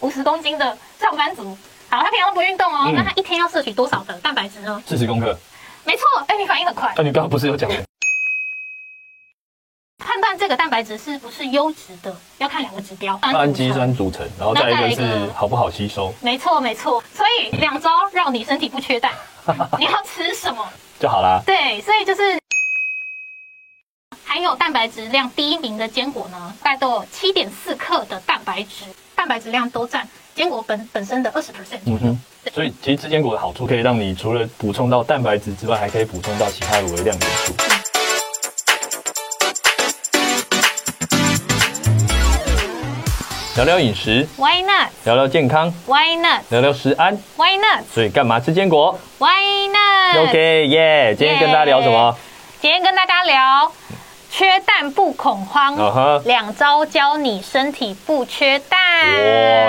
五十公斤的上班族，好，他平常不運動哦，嗯、那他一天要攝取多少的蛋白質呢？四十公克，沒錯。哎、欸，你反應很快。啊你剛剛不是有講的？判斷這個蛋白質是不是優質的，要看兩個指標：氨基酸組成，然後再一個是好不好吸收。沒錯，沒錯。所以兩招讓你身體不缺蛋， 你要吃什麼就好啦。對，所以就是含有蛋白質量第一名的堅果呢，大概都有七點四克的蛋白質。蛋白質量都佔堅果本本身的二十 percent。嗯哼，所以其實吃堅果的好處，可以讓你除了補充到蛋白質之外，還可以補充到其他的微量元素。聊聊飲食，Why nuts？聊聊健康，Why nuts？聊聊食安，Why nuts？所以幹嘛吃堅果？Why nuts？OK，耶！今天跟大家聊什麼？Yeah, 今天跟大家聊。缺蛋不恐慌，uh huh、兩招教你身體不缺蛋。哇、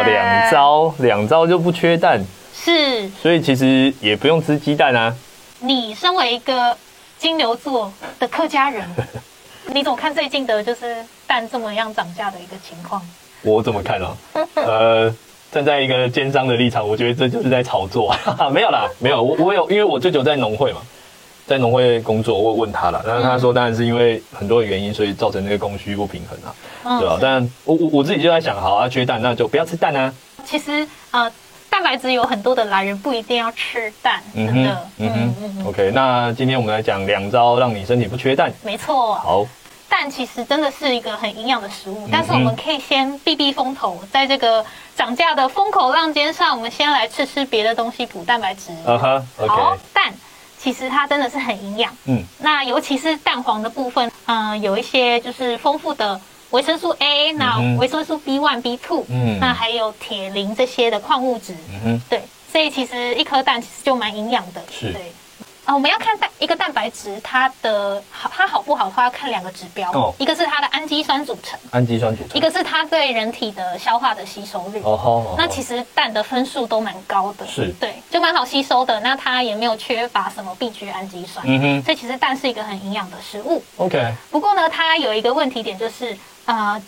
哦，兩招，兩招就不缺蛋。是，所以其實也不用吃雞蛋啊。你身為一個金牛座的客家人， 你怎麼看最近的就是蛋這麼樣漲價的一個情況？我怎麼看啊？ 呃，站在一個奸商的立場，我覺得這就是在炒作， 沒有啦，沒有。我我有，因為我舅舅在農會嘛。在農會工作，我問他了，但是他說，當然是因為很多原因，所以造成那個供需不平衡啊，對啊，但我我自己就在想，好啊，缺蛋那就不要吃蛋啊。其實呃，蛋白質有很多的來源，不一定要吃蛋，真的。嗯嗯 OK 那今天我們來講兩招讓你身體不缺蛋。沒錯。好。蛋其實真的是一個很營養的食物，嗯哼但是我們可以先避避風頭，在這個漲價的風口浪尖上，我們先來吃吃別的東西補蛋白質。啊哈 OK 其實它真的是很營養，嗯，那尤其是蛋黃的部分，嗯、呃，有一些就是豐富的維生素 A，、嗯、哼那維生素 B one、嗯哼、B two，嗯，那還有鐵、磷、這些的礦物質，嗯哼對，所以其實一顆蛋其實就蠻營養的，是對。哦、啊，我們要看蛋一個蛋白質，它的好它，它好不好的話，要看兩個指標，oh. 一個是它的氨基酸組成，氨基酸組成，一個是它對人體的消化的吸收率。哦、oh, oh, oh, oh。那其實蛋的分數都蠻高的，是對，就蠻好吸收的。那它也沒有缺乏什麼必需氨基酸，嗯哼、mm，hmm。所以其實蛋是一個很營養的食物。OK，不過呢，它有一個問題點就是呃。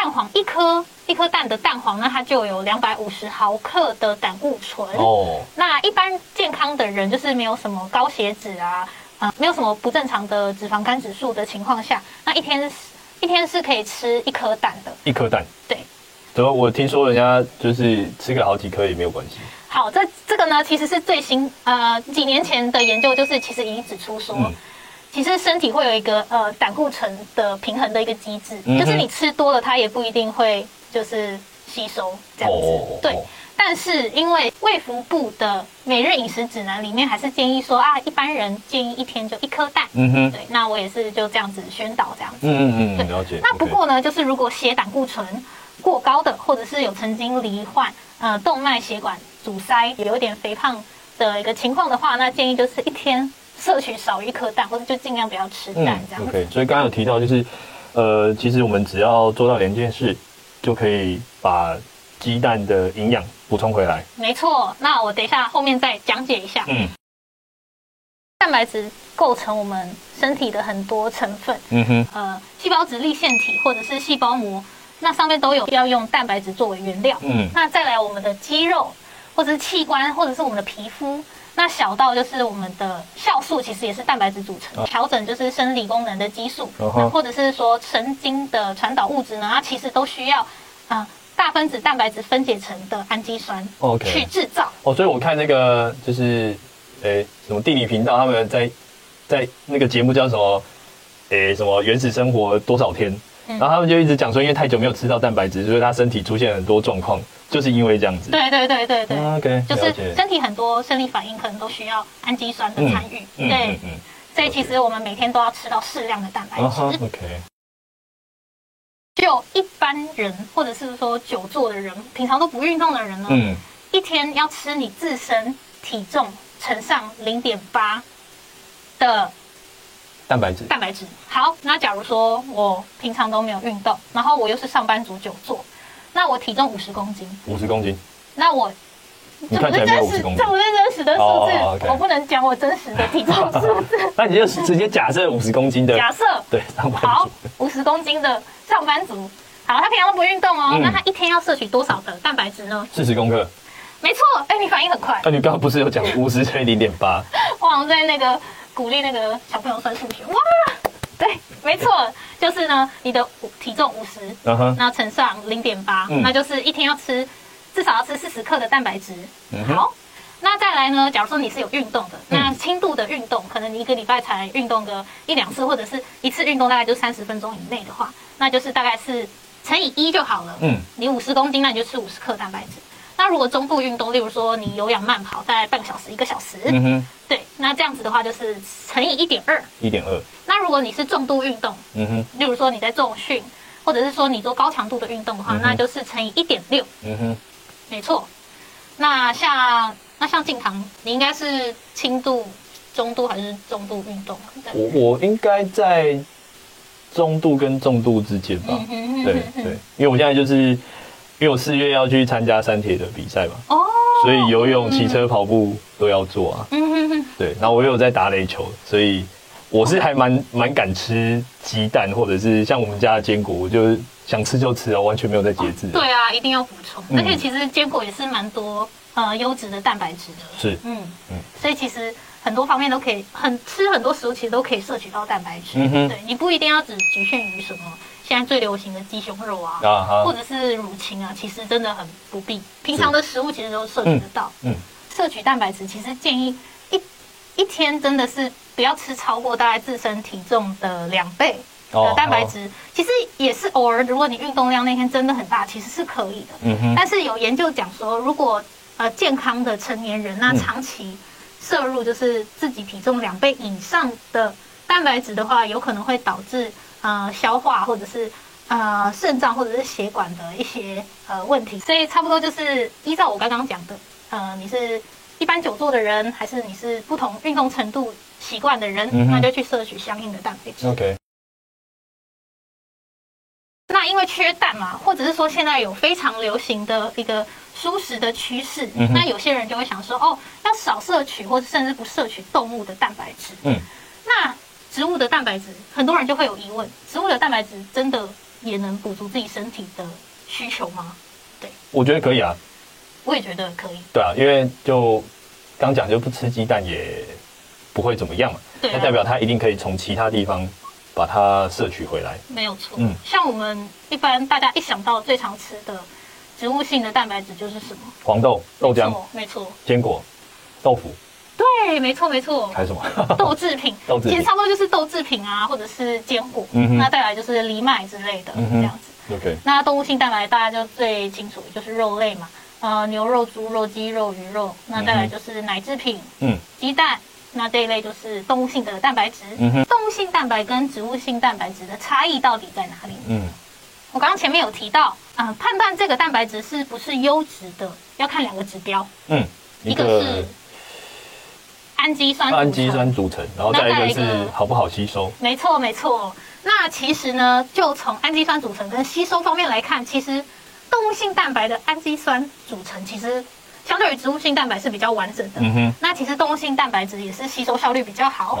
蛋黃一顆，一顆蛋的蛋黃呢，它就有兩百五十毫克的膽固醇。哦，oh. 那一般健康的人就是沒有什麼高血脂啊，呃、沒有什麼不正常的脂肪肝指數的情況下，那一天一天是可以吃一顆蛋的。一顆蛋，對。怎麼我聽說人家就是吃個好幾顆也沒有關係？好，這這個呢，其實是最新呃幾年前的研究，就是其實已經指出說。嗯其實身體會有一個呃膽固醇的平衡的一個機制，嗯、哼就是你吃多了它也不一定會就是吸收這樣子，哦哦哦哦哦對。但是因為衛福部的每日飲食指南裡面還是建議說啊，一般人建議一天就一顆蛋，嗯嗯哼對。那我也是就這樣子宣導這樣子，嗯嗯嗯，對了解。那不過呢，okay 就是如果血膽固醇過高的，或者是有曾經罹患呃動脈血管阻塞，也有點肥胖的一個情況的話，那建議就是一天。攝取少一顆蛋，或者就盡量不要吃蛋，這樣子，嗯。OK。所以剛剛有提到，就是，嗯、呃，其實我們只要做到兩件事，就可以把雞蛋的營養補充回來。沒錯，那我等一下後面再講解一下。嗯。蛋白質構成我們身體的很多成分。嗯哼。呃，細胞質、粒線體、或者是細胞膜，那上面都有需要用蛋白質作為原料。嗯。那再來我們的肌肉，或者是器官，或者是我們的皮膚。那小到就是我們的酵素，其實也是蛋白質組成。調、啊、整就是生理功能的激素，哦、哈然後或者是說神經的傳導物質呢，它其實都需要，啊、呃，大分子蛋白質分解成的氨基酸去製造。Okay. 哦，所以我看那個就是，誒、欸，什麼地理頻道他們在，在那個節目叫什麼？誒、欸，什麼原始生活多少天？然後他們就一直講說，因為太久沒有吃到蛋白質，所以他身體出現很多狀況，就是因為這樣子。對對對對對。啊、OK，了解。就是身體很多生理反應可能都需要氨基酸的參與。嗯、對所以其實我們每天都要吃到適量的蛋白質。哦、OK。就一般人或者是說久坐的人，平常都不運動的人呢，嗯、一天要吃你自身體重乘上零點八的。蛋白質，蛋白質。好，那假如說我平常都沒有運動，然後我又是上班族久坐，那我體重五十公斤。五十公斤。那我，你看起來沒有五十公斤，這不是真實的數字，我不能講我真實的體重數字。那你就直接假設五十公斤的。假設，對，上班族。好，五十公斤的上班族。好，他平常都不運動哦，那他一天要攝取多少的蛋白質呢？四十公克。沒錯，哎，你反應很快。那你剛剛不是有講五十乘以零點八？我好像在那個。鼓勵那個小朋友算數學哇，對，沒錯，就是呢，你的體重五十、uh，那乘上零點八，那就是一天要吃至少要吃四十克的蛋白質。Uh huh. 好，那再來呢，假如說你是有運動的，那輕度的運動，uh huh. 可能你一個禮拜才運動個一兩次，或者是一次運動大概就三十分鐘以內的話，那就是大概是乘以一就好了。嗯、uh，huh. 你五十公斤，那你就吃五十克蛋白質。那如果中度運動，例如說你有氧慢跑在半個小時一個小時，嗯、uh huh. 對。那這樣子的話，就是乘以一點二，一點二。那如果你是重度運動，嗯哼，例如說你在重訓，或者是說你做高強度的運動的話，嗯、哼，那就是乘以一點六，嗯哼，沒錯。那像那像靜堂，你應該是輕度、中度還是重度運動我？我我應該在中度跟重度之間吧？嗯、哼哼哼對對，因為我現在就是因為我四月要去參加三鐵的比賽嘛，哦，所以游泳、騎車、跑步都要做啊，嗯。對，然後我又有在打壘球，所以我是還蠻蠻敢吃雞蛋，或者是像我們家的堅果，我就是想吃就吃哦，我完全沒有在節制、啊。對啊，一定要補充。嗯、而且其實堅果也是蠻多呃優質的蛋白質的。是，嗯嗯。嗯，所以其實很多方面都可以很吃很多食物，其實都可以攝取到蛋白質。嗯哼對，你不一定要只局限於什麼現在最流行的雞胸肉啊，啊哈，或者是乳清啊，其實真的很不必。平常的食物其實都攝取得到。嗯。嗯，攝取蛋白質其實建議。一天真的是不要吃超過大概自身體重的兩倍的蛋白質。其實也是偶爾，如果你運動量那天真的很大，其實是可以的。嗯，但是有研究講說，如果呃健康的成年人呢，長期攝入就是自己體重兩倍以上的蛋白質的話，有可能會導致呃消化或者是呃腎臟或者是血管的一些呃問題。所以差不多就是依照我剛剛講的，呃，你是。一般久坐的人，還是你是不同運動程度習慣的人，嗯、哼那就去攝取相應的蛋白質。O K。那因為缺蛋嘛，或者是說現在有非常流行的一個蔬食的趨勢，嗯、哼那有些人就會想說，哦，要少攝取，或者甚至不攝取動物的蛋白質。嗯。那植物的蛋白質，很多人就會有疑問：植物的蛋白質真的也能補足自己身體的需求嗎？對，我覺得可以啊。嗯我也覺得可以。對啊，因為就剛講就不吃雞蛋也不會怎麼樣嘛。對。那代表他一定可以從其他地方把它攝取回來。沒有錯。嗯，像我們一般大家一想到最常吃的植物性的蛋白質就是什麼？黃豆、豆漿。沒錯。堅果、豆腐。對，沒錯，沒錯。還有什麼？豆製品。豆製品。差不多就是豆製品啊，或者是堅果。嗯哼。那再來就是藜麥之類的這樣子。OK。那動物性蛋白大家就最清楚就是肉類嘛。呃，牛肉、豬肉、雞肉、魚肉，那再來就是奶製品，嗯哼，雞蛋，那這一類就是動物性的蛋白質。嗯哼，動物性蛋白跟植物性蛋白質的差異到底在哪裡？嗯，我剛剛前面有提到啊，呃，判斷這個蛋白質是不是優質的，要看兩個指標。嗯，一個是氨基酸，氨基酸組成，然後再一個是好不好吸收。沒錯，沒錯。那其實呢，就從氨基酸組成跟吸收方面來看，其實。動物性蛋白的氨基酸組成其實相對於植物性蛋白是比較完整的。嗯哼。那其實動物性蛋白質也是吸收效率比較好。哦、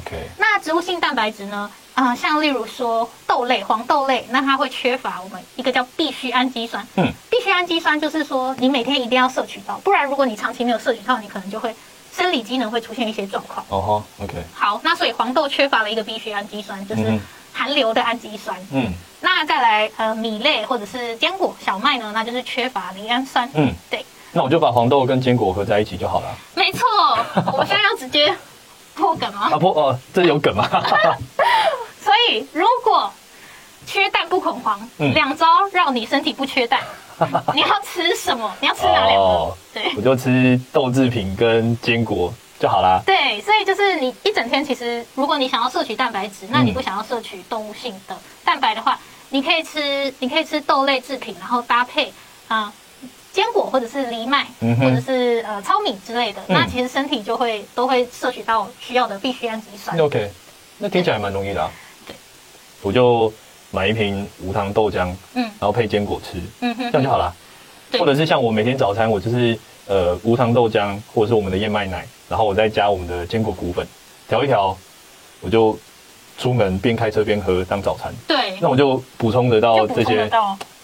oh，OK。那植物性蛋白質呢？啊、呃，像例如說豆類、黃豆類，那它會缺乏我們一個叫必需氨基酸。嗯。必需氨基酸就是說你每天一定要攝取到，不然如果你長期沒有攝取到，你可能就會生理機能會出現一些狀況。哦哈、oh，OK。好，那所以黃豆缺乏了一個必需氨基酸，就是含硫的氨基酸。嗯。嗯那再來，呃，米類或者是堅果、小麥呢？那就是缺乏賴氨酸。嗯，對。那我就把黃豆跟堅果合在一起就好了。沒錯錯。 我現在要直接破梗嗎？啊破哦、呃，這有梗嗎？ 所以如果缺蛋不恐慌，兩、嗯、招讓你身體不缺蛋。嗯、你要吃什麼？你要吃哪兩個？哦、對，我就吃豆製品跟堅果就好啦。對，所以就是你一整天，其實如果你想要攝取蛋白質，嗯、那你不想要攝取動物性的蛋白的話。你可以吃，你可以吃豆類製品，然後搭配啊呃、堅果或者是藜麥，嗯、哼或者是呃糙米之類的，嗯、那其實身體就會都會攝取到需要的必需氨基酸。OK，那聽起來蠻容易的、啊。對，我就買一瓶無糖豆漿，嗯，然後配堅果吃，嗯哼，這樣就好啦。對或者是像我每天早餐，我就是呃無糖豆漿，或者是我們的燕麥奶，然後我再加我們的堅果穀粉調一調，我就。出門邊開車邊喝當早餐，對，那我就補充得到這些，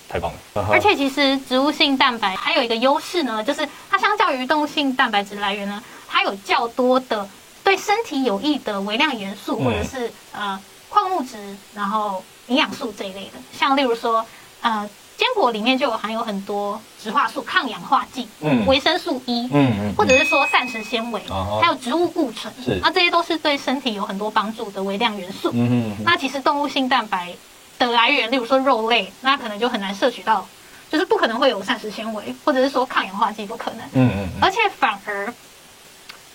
太棒了。而且其實植物性蛋白還有一個優勢呢，就是它相較於動物性蛋白質來源呢，它有較多的對身體有益的微量元素，或者是呃礦物質、然後營養素這一類的，像例如說呃。堅果裡面就有含有很多植化素、抗氧化劑、維、嗯、生素 E，嗯嗯，嗯嗯或者是說膳食纖維，還有、啊、哈植物固醇，是那這些都是對身體有很多幫助的微量元素。嗯嗯。嗯嗯那其實動物性蛋白的來源，例如說肉類，那它可能就很難攝取到，就是不可能會有膳食纖維，或者是說抗氧化劑不可能。嗯嗯。嗯嗯而且反而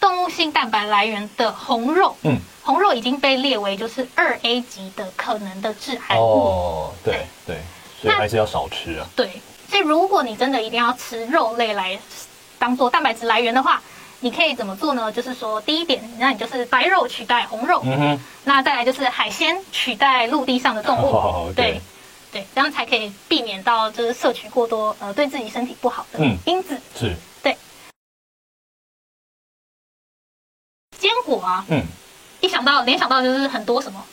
動物性蛋白來源的紅肉，嗯，紅肉已經被列為就是二 A 級的可能的致癌物。哦，對對。對對，那還是要少吃啊。對，所以如果你真的一定要吃肉類來當做蛋白質來源的話，你可以怎麼做呢？就是說，第一點，那你就是白肉取代紅肉。嗯哼。那再來就是海鮮取代陸地上的動物。好好好。Okay、對。對，這樣才可以避免到就是攝取過多呃對自己身體不好的嗯，因子。嗯、是。對。堅果啊、嗯，嗯，一想到聯想到就是很多什麼。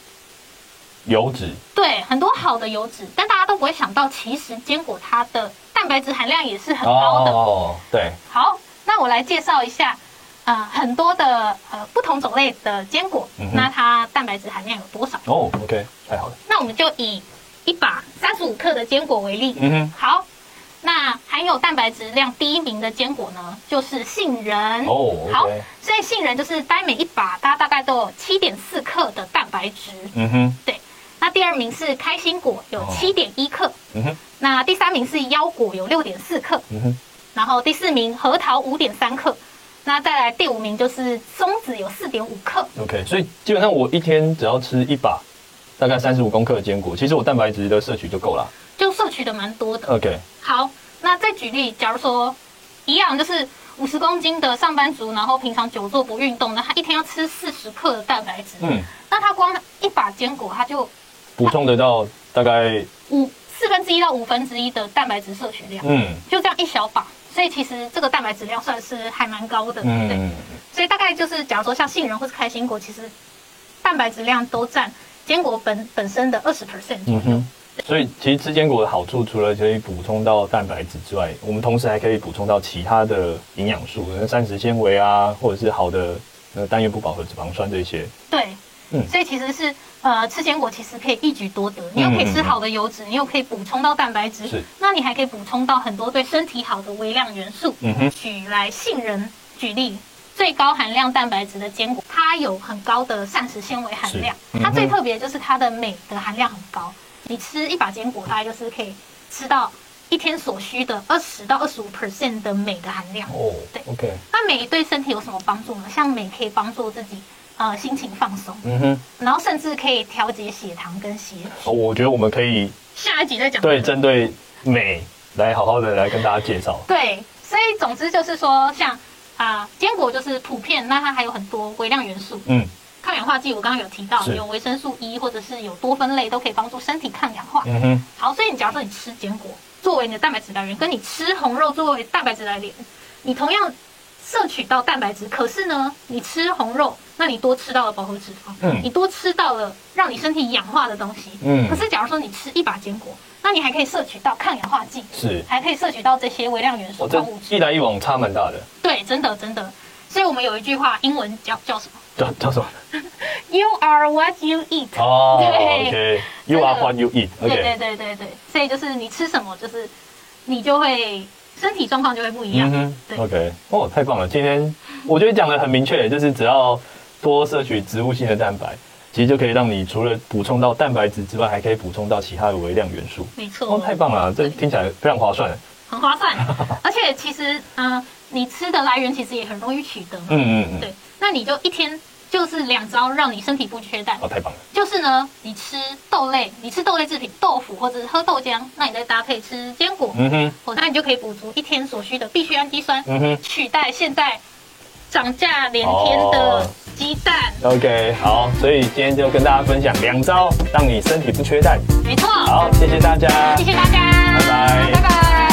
油脂，對，很多好的油脂，但大家都不會想到，其實堅果它的蛋白質含量也是很高的。哦，哦，哦，哦，對。好，那我來介紹一下，呃，很多的呃不同種類的堅果，嗯哼。那它蛋白質含量有多少？哦，OK，太好了。那我們就以一把三十五克的堅果為例。嗯哼。好，那含有蛋白質量第一名的堅果呢，就是杏仁。哦，okay，好。所以杏仁就是單每一把，它大，大概都有七點四克的蛋白質。嗯哼，對。那第二名是開心果有，有七點一克。嗯哼。那第三名是腰果，有六點四克。嗯哼。然後第四名核桃，五點三克。那再來第五名就是松子，有四點五克。OK，所以基本上我一天只要吃一把，大概三十五公克的堅果，其實我蛋白質的攝取就夠了，就攝取的蠻多的。OK。好，那再舉例，假如說一樣就是五十公斤的上班族，然後平常久坐不運動，那他一天要吃四十克的蛋白質。嗯。那他光一把堅果，他就。補他充，得到大概五四分之一到五分之一的蛋白質攝取量，嗯，就這樣一小把，所以其實這個蛋白質量算是還蠻高的，嗯、對，對。所以大概就是，假如說像杏仁或是開心果，其實蛋白質量都占堅果本本身的二十 percent。就是、嗯哼。對所以其實吃堅果的好處，除了可以補充到蛋白質之外，我們同時還可以補充到其他的營養素，像膳食纖維啊，或者是好的呃單元不飽和脂肪酸這些。對。嗯、所以其實是，呃，吃堅果其實可以一舉多得，你又可以吃好的油脂，嗯、你又可以補充到蛋白質，是那你還可以補充到很多對身體好的微量元素。嗯哼。舉來杏仁舉例，最高含量蛋白質的堅果，它有很高的膳食纖維含量，嗯、它最特別就是它的鎂的含量很高。你吃一把堅果，大概就是可以吃到一天所需的二十到二十五 percent 的鎂的含量。哦。對。OK。那鎂對身體有什麼幫助呢？像鎂可以幫助自己。呃，心情放鬆，嗯哼，然後甚至可以調節血糖跟血，血。哦，我覺得我們可以下一集再講。對，針對美來好好的來跟大家介紹。 對，所以總之就是說像，像、呃、啊堅果就是普遍，那它還有很多微量元素，嗯，抗氧化劑我剛剛有提到，是有維生素 E 或者是有多酚類都可以幫助身體抗氧化。嗯哼。好，所以你假如說你吃堅果作為你的蛋白質來源，跟你吃紅肉作為蛋白質來源，你同樣。攝取到蛋白質，可是呢，你吃紅肉，那你多吃到了飽和脂肪，嗯，你多吃到了讓你身體氧化的東西，嗯。可是假如說你吃一把堅果，那你還可以攝取到抗氧化劑，是，還可以攝取到這些微量元素，一來一往差蠻大的。對，真的真的。所以我們有一句話，英文叫叫什麼？叫叫什麼 ？You are what you eat。哦，OK。You are what you eat、okay。對對對對對。所以就是你吃什麼，就是你就會。身體狀況就會不一樣。嗯哼，對。OK，哦，太棒了！今天我覺得講的很明確，就是只要多攝取植物性的蛋白，其實就可以讓你除了補充到蛋白質之外，還可以補充到其他的微量元素。沒錯。哦，太棒了！對，這聽起來非常划算。很划算。 而且其實，啊，你吃的來源其實也很容易取得。嗯嗯嗯。對。那你就一天。就是兩招讓你身體不缺蛋哦，太棒了！就是呢，你吃豆類，你吃豆類製品，豆腐或者是喝豆漿，那你再搭配吃堅果，嗯哼，哦，那你就可以補足一天所需的必需氨基酸嗯哼，取代現在漲價連天的雞蛋，哦。OK，好，所以今天就跟大家分享兩招讓你身體不缺蛋。沒錯，好，謝謝大家，謝謝大家，拜拜，拜拜。